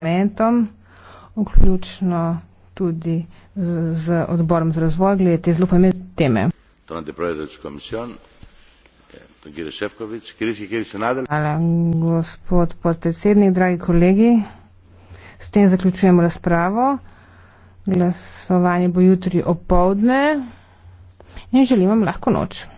parlamentom, vključno tudi z, z odborom za razvoj, glede te zelo pomembne teme. Hvala, gospod podpredsednik, dragi kolegi. S tem zaključujemo razpravo. Glasovanje bo jutri opovdne in želim vam lahko noč.